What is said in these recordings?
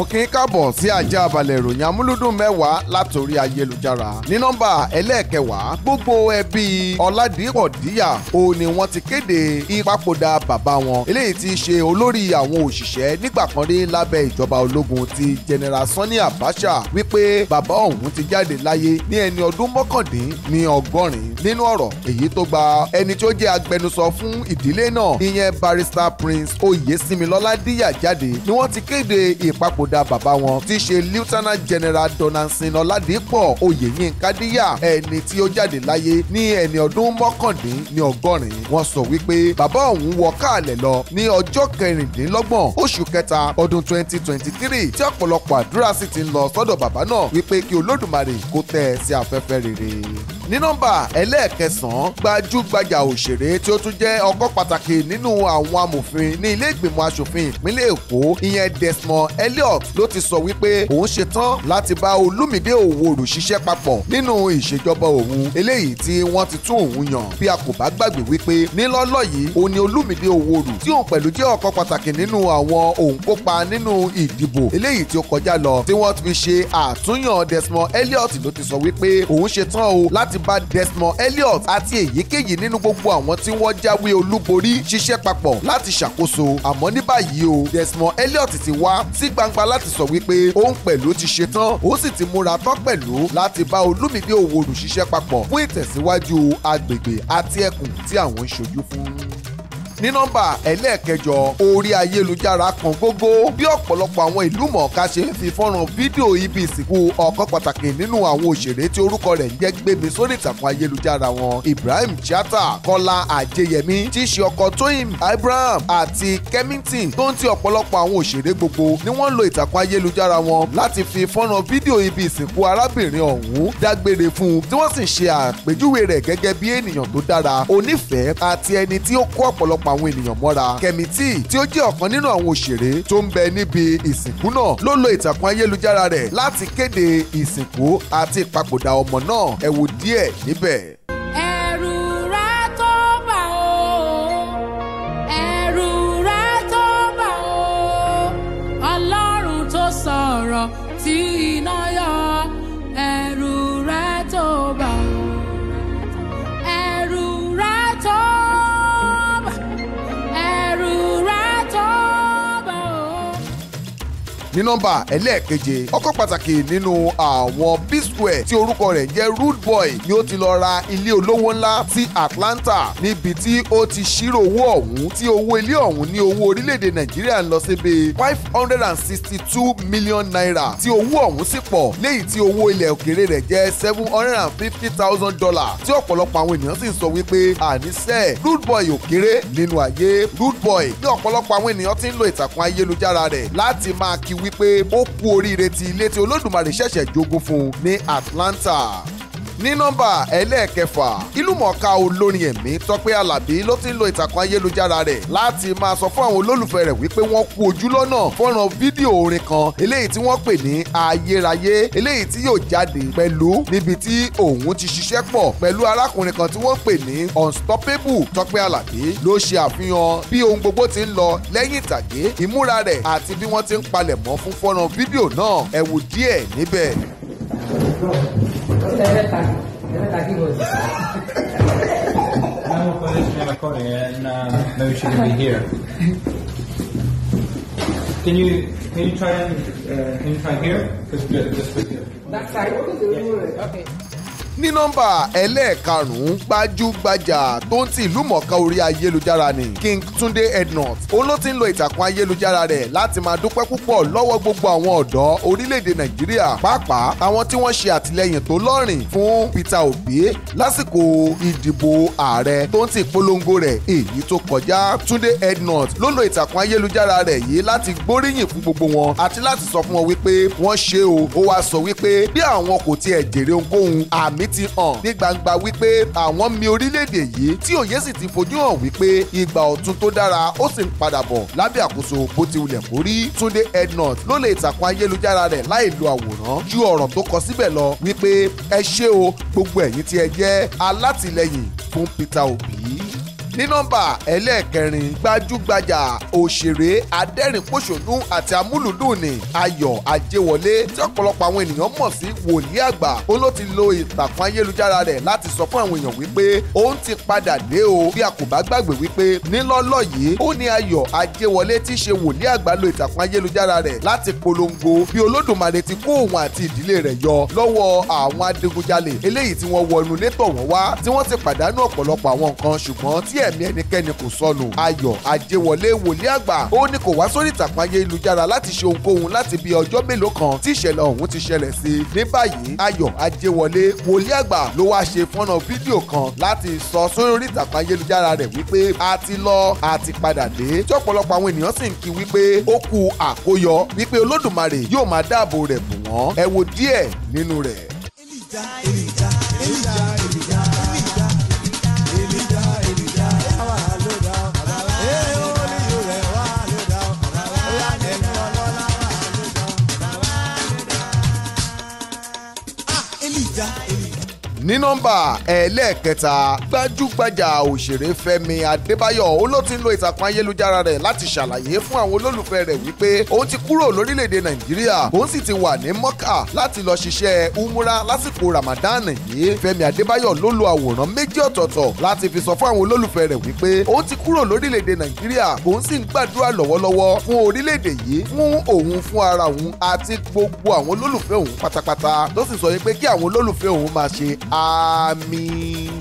mo kí n káàbọ̀ sí ajá balẹ̀ ìròyìn amúlùdùn mẹ́wàá látòrí ayélujára ní nọ́mbà ẹlẹ́ẹ̀kẹwàá gbogbo ẹbí ọ̀làdìpọ̀ díyà ó ní wọ́n ti kéde ìpapòdà bàbá wọn eléyìí ti ṣe olórí àwọn òṣìṣẹ́ nígbà kan rí lábẹ́ ìjọba ológun ti general Sani Abacha wípé bàbá ọ̀hún ti jáde láyé ní ẹni ọdún mọ́kàndín nínú ọ̀rọ̀ èyí tó gba ẹni tó jẹ́ agbẹnusọ fún ìdílé náà ìyẹn barrister Prince Oyèsímilọ́lá díyà jáde ni wọ́n ti kéde ìpapòdà àròdà bàbá wọn tí í ṣe lieutenant general donaldson ọládìpọ̀ oyèyínká díyà ẹni tí ó jáde láyé ní ẹni ọdún mọ́kàndín ní ọgọ́rin wọ́n sọ wípé bàbá òun wọ káàlẹ̀ lọ ní ọjọ́ kẹrìndínlọ́gbọ̀n oṣù kẹta ọdún twenty twenty three tí ọ̀pọ̀lọpọ̀ àdúrà sì ti ń lọ sọ́dọ̀ bàbá náà wípé kí olódùmarè kó tẹ́ ẹ sí afẹ́fẹ́ rere ní nọ́mbà ẹlẹ́ẹ̀kẹsàn-án gbajúgbajà òṣèré tí ó tún jẹ́ ọkọ́ pàtàkì nínú àwọn amòfin ní ilé ìgbìmọ̀ asòfin ìpínlẹ̀ Èkó ìyẹn Desmond Elliot ló ti sọ wípé òun ṣetán láti bá Olúmídé Òwòrò ṣiṣẹ́ papọ̀ nínú ìṣèjọba òun eléyìí tí wọ́n ti tún òun yàn bí a kò bá gbàgbé wípé nílọ́lọ́ yìí òun ni Olúmídé Òwòrò tí òun pẹ̀lú jẹ́ ọkọ́ pàtàkì nínú àwọn òun kópa nínú ìdìbò eléyìí tí ó kọjá lọ tí wọ́n ti fi ṣe àtúnyàn Desmond Elliot ló ti sọ wípé òun ṣetán o láti bá Desmond Elliott àti èyíkéyìí nínú gbogbo àwọn tí wọ́n jáwé olúborí ṣiṣẹ́ papọ̀ láti ṣàkóso àmọ́ ní báyìí o Desmond Elliott ti wá sí gbangba láti sọ wípé òun pẹ̀lú ti ṣetán ó sì ti múra tán pẹ̀lú láti bá Olúmídé Òwòrò ṣiṣẹ́ papọ̀ fún ìtẹ̀síwájú agbègbè àti ẹkùn tí àwọn ń ṣojú fún ní nọ́mbà ẹlẹ́ẹ̀kẹjọ orí ayélujára kan gógó bí ọ̀pọ̀lọpọ̀ àwọn ìlú mọ̀ọ́ká ṣe ń fi fọ́nrán fídíò ibi ìsìnkú ọ̀kan pàtàkì nínú àwọn òṣèré tí orúkọ rẹ̀ ń jẹ́ gbémi sórí ìtàkùn ayélujára wọn Ibrahim Chatta Kọ́lá Ajéyẹmí tí í ṣe ọkọ Tóyìn Abraham àti Kẹ́míntìn tó ń ti ọ̀pọ̀lọpọ̀ àwọn òṣèré gbogbo ni wọ́n lo ìtàkùn ayélujára wọn láti fi fọ́nrán fídíò ibi ìsìnkú arábìnrin ọ̀hún dágbére fún un tí wọ́n sì ṣe àpèjúwe rẹ̀ gẹ́gẹ́ bí ènìyàn tó dára onífẹ̀ẹ́ àti ẹni tí ó kó ọ̀pọ̀lọpọ̀ pa àwọn ènìyàn mọ́ra kẹ̀mí tí tí ó jẹ́ ọ̀kan nínú àwọn òṣèré tó ń bẹ níbi ìsìnkú náà ló lo ìtàkùn ayélujára rẹ̀ láti kéde ìsìnkú àti ìpapòdà ọmọ náà ẹ wo díẹ̀ níbẹ̀. sọ̀rọ̀ ní nọ́mbà ẹlẹ́ẹ̀keje ọkọ̀ pàtàkì nínú àwọn Square. tí orúkọ rẹ̀ jẹ́ Rude Boy ni ó ti lọ ra ilé olówó ńlá ti Atlanta níbi tí ó ti ṣírò owó ọ̀hún tí owó ilé ọ̀hún ní owó orílẹ̀-èdè Nàìjíríà ń lọ síbi five hundred and sixty two million naira tí owó ọ̀hún sì pọ̀ léyìí tí owó ilẹ̀ òkèrè rẹ̀ jẹ́ seven hundred and fifty thousand dollar tí ọ̀pọ̀lọpọ̀ àwọn ènìyàn sì ń sọ wípé àníṣe Rude Boy ò kéré nínú ayé Rude Boy ní ọ̀pọ̀lọpọ̀ àwọn ènìyàn ti ń lo ìtàkùn ayélujára rẹ̀ láti máa kí wípé ó kú oríire ti ilé tí olódùmarè ṣẹ̀ṣẹ̀ jogún fún un ní Atlanta ní nọ́mbà ẹlẹ́ẹ̀kẹfà ìlúmọ̀ọ́ká olórin ẹ̀mí Tọ́pẹ́ Àlàbí ló ti ń lo ìtàkùn ayélujára rẹ̀ láti máa sọ fún àwọn olólùfẹ́ rẹ̀ wípé wọ́n kú ojú lọ́nà fọ́nrán fídíò orin kan eléyìí tí wọ́n pè ní ayérayé eléyìí tí yóò jáde pẹ̀lú níbi tí òun ti ṣiṣẹ́ pọ̀ pẹ̀lú arákùnrin kan tí wọ́n pè ní unstoppable Tọ́pẹ́ Àlàbí ló ṣe àfihàn bí ohun gbogbo ti ń lọ lẹ́yìn ìtàgé ìmúra rẹ̀ àti bí wọ́n ti ń palẹ̀mọ́ fún fọ́nrán fídíò náà ẹ wò díẹ̀ níbẹ̀. I'm not listening recording and uh, maybe she can be here. Can you can you try and uh, can you try here? Because just with here. That side. Okay. ní nọ́mbà ẹlẹ́ẹ̀karùn-ún gbajúgbajà tó ń ti ìlú mọ̀ọ́ká orí ayélujára ni King Tunde Ednut òun ló ti ń lo ìtàkùn ayélujára rẹ̀ láti máa dúpẹ́ púpọ̀ lọ́wọ́ gbogbo àwọn ọ̀dọ́ orílẹ̀-èdè Nàìjíríà pàápàá àwọn tí wọ́n ṣe àtìlẹ́yìn tó lọ́rìn fún Peter Obi lásìkò ìdìbò ààrẹ tó ń ti ìpolongo rẹ̀ èyí tó kọjá Tunde Ednut ló lo ìtàkùn ayélujára rẹ̀ yìí láti gbóríyìn fún gbogbo wọn àti láti sọ fún wọn wípé wọ́n ṣe o ó wáá sọ wípé bí ti hàn ní gbangba wípé àwọn mi orílẹ̀-èdè yìí tí òye sì ti fojú hàn wípé ìgbà ọ̀tun tó dára ó sì ń padà bọ̀ lábẹ́ àkóso bó ti wulẹ̀ kó rí Túndé Ednut ló lè ìtàkùn ayélujára rẹ̀ láì lo àwòrán ju ọ̀rọ̀ tó kọ síbẹ̀ lọ wípé ẹ ṣé o gbogbo ẹ̀yin tí ẹ jẹ́ alátìlẹyìn fún Peter Obi ní nọ́mbà ẹlẹ́ẹ̀kẹrin gbajúgbajà òṣèré adẹ́rìnpòṣónú àti amúlùdùn ni ayọ̀ ajéwọlé tí ọ̀pọ̀lọpọ̀ àwọn ènìyàn mọ̀ sí wòlíì àgbà ó ló ti lo ìtàkùn ayélujára rẹ̀ láti sọ fún àwọn èèyàn wípé òun ti padà dé o bí a kò bá gbàgbé wípé nílọ́lọ́ yìí ó ní ayọ̀ ajéwọlé ti í ṣe wòlíì àgbà lo ìtàkùn ayélujára rẹ̀ láti polongo bí olódùmarè ti kó òun àti yọ lọ́wọ́ àwọn adigunjalè eléyìí tí wọ́n wọnú létọ̀ wọ́n wá tí wọ́n ti pàdánù ọ̀pọ̀lọpọ̀ àwọn nǹkan ṣùgbọ́n tí ẹ̀mí ẹnikẹ́ni kò sọnù ayọ̀ ajéwọlé wòlíì àgbà ó ní kò wá sórí ìtàkùn ayélujára láti ṣe ohunkóhun láti bí ọjọ́ mélòó kan tí ìṣẹ̀lẹ̀ ọ̀hún ti ṣẹlẹ̀ sí i ní báyìí ayọ̀ ajéwọlé wòlíì àgbà ló wá ṣe fọ́nà fídíò kan láti sọ sórí ìtàkùn ayélujára rẹ̀ wípé a ti lọ a ti padà dé tí ọ̀pọ̀lọpọ̀ àwọn ènìyàn sì ń kí wípé ó kú àkóyọ wípé olódùmarè yóò máa dáàbò rẹ̀ bù wọ́n ẹ wo díẹ̀ nínú rẹ̀. ní nọ́mbà ẹlẹ́ẹ̀kẹta gbajúgbajà òṣèré Fẹ́mi Adébáyọ̀ olóòtú ń lo ìtàkùn ayélujára rẹ̀ láti ṣàlàyé fún àwọn olólùfẹ́ rẹ̀ wípé òun ti kúrò lórílẹ̀‐èdè Nàìjíríà òun sì ti wà ní Mọ́kà láti lọ ṣiṣẹ́ umura lásìkò Ramadan yìí Fẹ́mi Adébáyọ̀ ló lo àwòrán méjì ọ̀tọ̀ọ̀tọ̀ láti fi sọ fún àwọn olólùfẹ́ rẹ̀ wípé òun ti kúrò lórílẹ̀‐èdè Nàìjíríà òun sì ń gbàdúrà lọ́wọ́lọ́wọ́ fún orílẹ̀‐èdè yìí fún òun fún ara òun àti gbogbo àwọn olólùfẹ́ òun pátápátá tó sì sọ yìí pé kí àwọn I mean.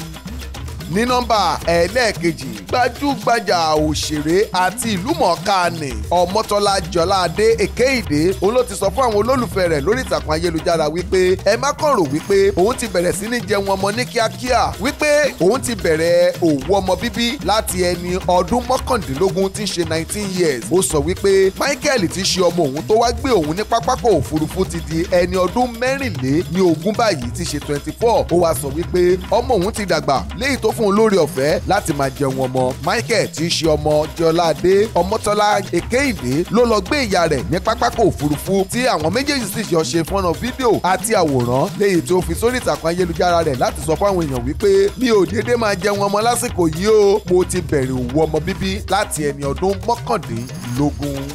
ní nọ́mbà ẹlẹ́ẹ̀kejì gbajúgbajà òṣèré àti ìlúmọ̀ọ́ká nì ọmọtọ́lá jọládé èkéyìdé òun ló ti sọ fún àwọn olólùfẹ́ rẹ̀ lórí ìtàkùn ayélujára wípé ẹ má kàn rò wípé òun ti bẹ̀rẹ̀ sí ní jẹun ọmọ ní kíákíá wípé òun ti bẹ̀rẹ̀ òwú ọmọ bíbí láti ẹni ọdún mọ́kàndínlógún tí ń ṣe nineteen years ó sọ wípé michael ti ṣe ọmọ òun tó wá gbé òun ní pápákọ̀ òfurufú ti di ẹni ọdún mẹ́rìnlé ní ogún báyìí ti ṣe twenty four ó wá sọ wípé ọmọ òun ti dàgbà léyìí tó f fún un lórí ọ̀fẹ́ láti máa jẹun ọmọ Michael tí í ṣe ọmọ Jọládé Ọmọ́tọ́lá Èkéìdé ló lọ gbé ìyá rẹ̀ ní pápákọ̀ òfurufú tí àwọn méjèèjì sì jọ ṣe fọ́nà fídíò àti àwòrán léyìí tó fi sórí ìtàkùn ayélujára rẹ̀ láti sọ fáwọn èèyàn wípé mi ò déédé máa jẹun ọmọ lásìkò yìí o mo ti bẹ̀rẹ̀ òwú ọmọ bíbí láti ẹni ọdún mọ́kàndínlógún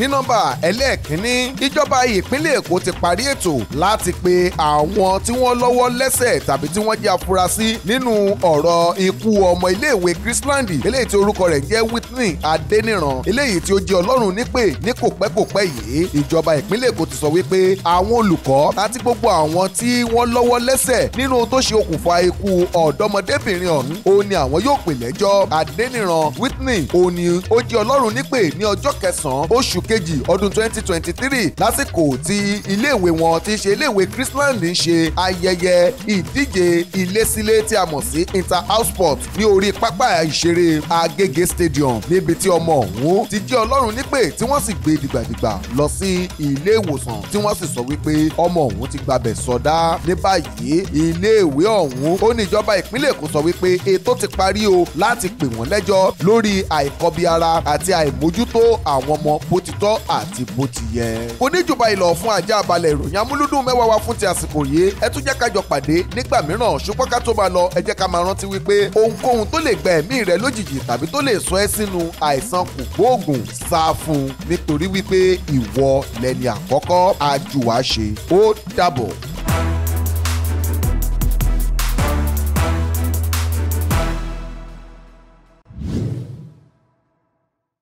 ní nọ́mbà ẹlẹ́ẹ̀kínní ìjọba ìpínlẹ̀ Èkó ti parí ètò láti pe àwọn tí wọ́n lọ́wọ́ lẹ́sẹ̀ tàbí tí wọ́n jẹ́ afurasí nínú ọ̀rọ̀ ikú ọmọ iléèwé Chrisland eléyìí tí orúkọ rẹ̀ jẹ́ Whitney Adéníran eléyìí tí ó jẹ́ Ọlọ́run nípè ní kò pẹ́ kò pẹ́ yìí ìjọba ìpínlẹ̀ Èkó ti sọ wípé àwọn olùkọ́ àti gbogbo àwọn tí wọ́n lọ́wọ́ lẹ́sẹ̀ nínú tó ṣe okùnfà ikú ọ̀dọ́mọdébìnrin ọ̀hún ó ní àwọn yóò pè lẹ́jọ́ Adéníran Whitney ó ní ó jẹ́ Ọlọ́run nípè ní ọjọ́ kẹsàn-án oṣù kejì ọdún twenty twenty three lásìkò tí iléèwé wọn ti ṣe iléèwé Chrisland ń ṣe ayẹyẹ ìdíje ilésílé tí a mọ̀ sí inter-house sport ní orí pápá ìṣeré Agege stadium níbi tí ọmọ ọ̀hún ti jẹ́ ọlọ́run nípè tí wọ́n sì gbé dìgbàdìgbà lọ sí ilé ìwòsàn tí wọ́n sì sọ wípé ọmọ ọ̀hún ti gbabẹ̀ sọdá ní báyìí iléèwé ọ̀hún ó ní ìjọba ìpínlẹ̀ Èkó sọ wípé ètò ti parí o láti pè wọ́n lẹ́jọ́ lórí àìkọbiara àti àìmójútó àwọn ọmọ bó ti tọ́ àti bó ti yẹ. kò ní jùbà ìlọ fún ajá balẹ̀ ìròyìn amúlúdùn mẹ́wàá wa fún ti àsìkò yìí ẹ tún jẹ́ ká jọ pàdé nígbà mìíràn ṣùgbọ́n ká tó máa lọ ẹ jẹ́ ká máa rántí wípé ohunkóhun tó lè gba ẹ̀mí rẹ lójijì tàbí tó lè sọ ẹ́ sínú àìsàn kògbóògùn sá fún un nítorí wípé ìwọ lẹni àkọ́kọ́ àjùwà ṣe ó dàbọ̀.